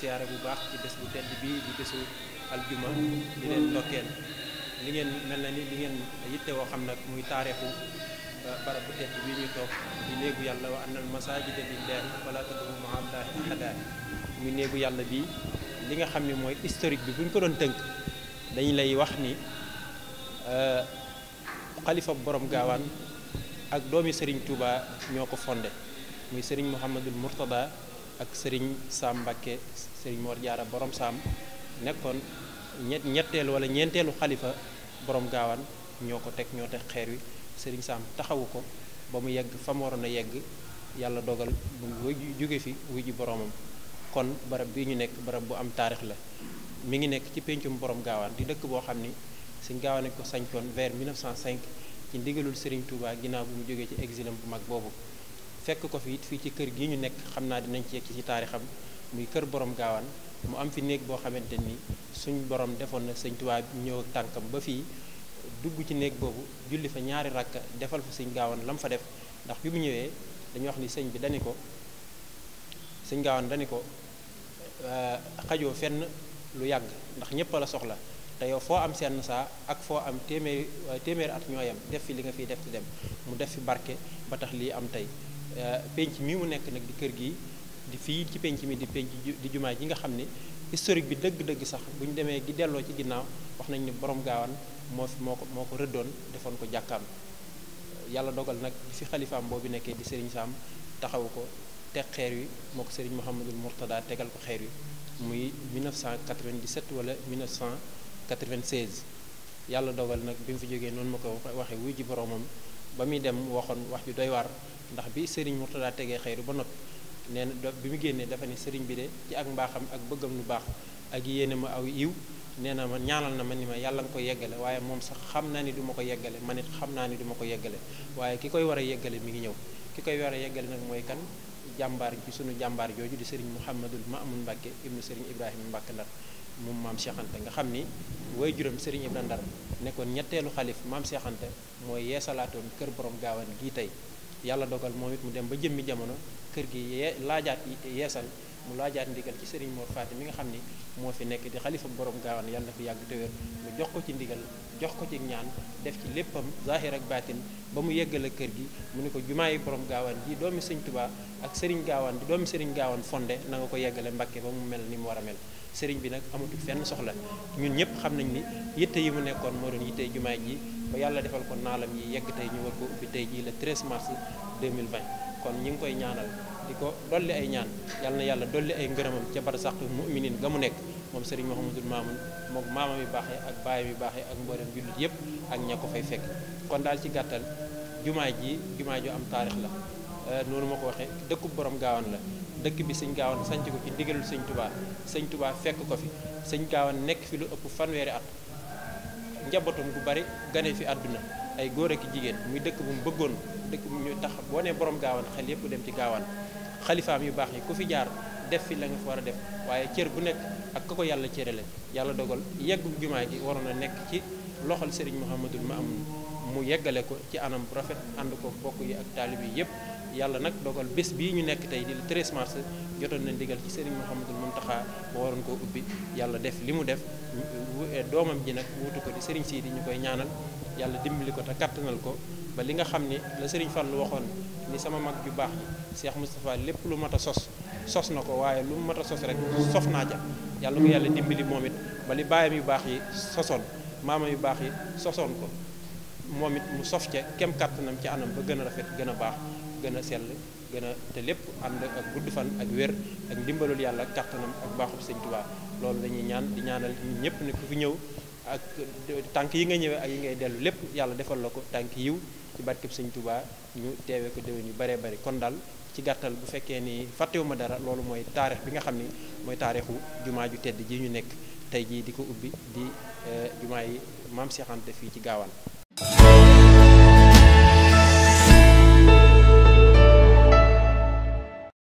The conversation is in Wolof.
siyaare bu baax ci des bu tedd bi di bésu aljuma di leen ndokkeel li ngeen mel na ni li ngeen yitte woo xam nag muy taarixu euh, barab bu tedd bi ñu toog di yàlla wa annal masaajida lillaahi falaa tad'uu ma'a llaahi muy néegu yàlla bi li nga xam ne mooy historique bi bu ñu ko doon tënk dañu lay wax ni euh, xalifa bu borom gaawaan ak doomi sëriñ Touba ñoo ko fonde muy Serigne Mouhamadul Mourtada ak Serigne Sam Mbakke Serigne Mor Jaara borom Sam nekkoon ñett ñetteelu wala ñeenteelu xalifa borom gaawaan ñoo ko teg ñoo teg xeer wi Serigne Sam taxawu ko ba mu yegg fa mu waroon a yegg yàlla dogal mu jóge fi wuy ji boromam kon barab bi ñu nekk barab bu am taarix la mu ngi nekk ci péncum borom gaawaan di dëkk boo xam ni suñ gaawaan ko sañcoon vers 1905 ci ndigalul Serigne Touba ginnaaw bi mu jógee ci exilam bu mag boobu. fekk ko fi fii ci kër gi ñu nekk xam naa dinañ ci yegg ci taarixam muy kër boroom gaawaan mu am fi néeg boo xamante ni suñ borom defoon na sëñ Tuubaa ñëw ak tànkam ba fii dugg ci néeg boobu julli fa ñaari rakka defal fa sëñ gaawaan lam fa def ndax bi mu ñëwee dañu wax ni sëñ bi dañu ko sëñ gaawaan dani ko xajoo fenn lu yàgg ndax ñëpp la soxla te yow foo am seen saa ak foo am téeméer téeméer at ñooyam def fii li nga fiy def di dem mu def fi barke ba tax lii am tey Euh, penc mii mu nekk nag di kër gi di fii ci penc mi di penc di jumaa ji nga xam ne historique bi dëgg-dëgg sax bu ñu demee gi delloo ci ginnaaw wax nañ ni borom gaawaan moo fi moo ko moo ko rëddoon defoon ko jàkkaam euh, yàlla dogal nag bi fi xalifaam boobu nekkee di sëriñ saam taxawu ko teg xeer wi moo ko sëriñ Mouhamadul Mourtada tegal ko xeer wi muy 1997 wala 1996 yàlla dogal nag bi mu fi jógee noonu ma ko waxee wuy ji boromam ba muy dem waxoon wax ju doy war ndax bi sëriñ Murtada tegee xayru ba noppi nee na bi mu génnee dafa ne sëriñ bi de ci ak mbaaxam ak bëggam lu baax ak yéene ma aw yiw nee na ma ñaanal na ma ni ma yàlla nga ko yeggale waaye moom sax xam na ni du ko yeggale ma it xam naa ni duma ko yeggale waaye ki koy war a yeggale mi ngi ñëw ki koy war a yeggale nag mooy kan jàmbaar bi suñu jàmbaar jooju di sëriñ ma amul Mbacke ibnu sëriñ Ibrahima Mbacke Ndar moom maam Cheikh nga xam ni way juróom Serigne Ibra Ndar nekkoon ñetteelu xalif maam Cheikh Anta mooy yeesalaatoon kër borom gaawan gii tey yàlla dogal moom it mu dem ba jëmmi jamono kër gi yee laajaat yeesal mu laajaat ndigal ci Serigne moo Faty mi nga xam ni moo fi nekk di xalifa borom gaawaan yàlla na fi yàgg te wér mu jox ko ci ndigal jox ko ci ñaan def ci léppam zahir ak baatin ba mu yeggale kër gi mu ne ko jumaa yi borom gaawaan ji doomi Sëñ Tuubaa ak sëriñ gaawaan di doomi Serigne gaawaan fonde na nga ko yeggale Mbàkke ba mu mel ni mu war mel Serigne bi nag amatul fenn soxla ñun ñëpp xam nañ ni yitte yi mu nekkoon moo doon yitte jumaa ji ba yàlla defal ko naalam yi yegg tey ñu war ko tey jii le 13 mars 2020 kon ñi ngi koy ñaanal di ko dolli ay ñaan yal na yàlla dolli ay ngërëmam ca barsàq muminin ga mu nekk moom moo Mouhamadul Mamoun moom maama mi baaxee ak baay mi baaxe ak mboolem jullit yëpp ak ña ko fay fekk kon daal ci gàttal jumaa ji jumaa ju am taarix la euh, noonu ma ko waxee dëkku borom gaawan la dëkk bi sëñ gaawan sanc ko ci ndigalul sëñ tubaa sëñ tubaa fekk ko fi sëñ gaawan nekk fi lu ëpp fanweeri at njabootam gu bari gane fi àdduna ay góor ak jigéen muy dëkk bu mu bëggoon dëkk bu ñu tax boo boroom borom gaawaan xel yëpp dem ci gaawaan xalifaam yu baax yi ku fi jaar def fi la nga fi war a def waaye cër bu nekk ak ka ko yàlla cërale yàlla dogal yeggu jumaa gi waroon a nekk ci loxol Serigne Mouhamadoul Mamoune mu yeggale ko ci anam bu rafet ànd ko bokk yi ak taalib yi yëpp yàlla nag dogal bés bii ñu nekk tey di le 13 mars jotoon na ndigal ci Serigne Mouhamadul Mountakha mu waroon koo ubbi yàlla def li mu def e, doomam ji nag wuutu ko di Serigne Sidi ñu koy ñaanal yàlla dimbali ko te kattanal ko ba li nga xam ni la Serigne Fallou waxoon ni sama mag ju baax Cheikh Moustapha lépp lu mat a sos sos na ko waaye lu mat a sos rek sof naa ja yàlla ko yàlla dimbali moom it ba li baayam yu baax yi sosoon maama yu baax yi sosoon ko moom it mu sof ca kem kàttanam ci anam ba gën a rafet gën a baax gën a sell gën a te lépp ànd ak gudd fan ak wér ak ndimbalul yàlla kàttanam ak baaxub sëñ Tuubaa loolu lañuy ñaan di ñaanal ñëpp ne ku fi ñëw ak tànk yi nga ñëwee ak yi ngay dellu lépp yàlla defal la ko tànk yiw ci barkeb sëñ Tuubaa ñu teewe ko déwén yu baree bari kon dal ci gàttal bu fekkee ni fàttewuma dara loolu mooy taarix bi nga xam ni mooy taarixu jumaa ju tedd ji ñu nekk tey jii di ko ubbi di eh, jumaa yi maam Seex fii ci gaawaan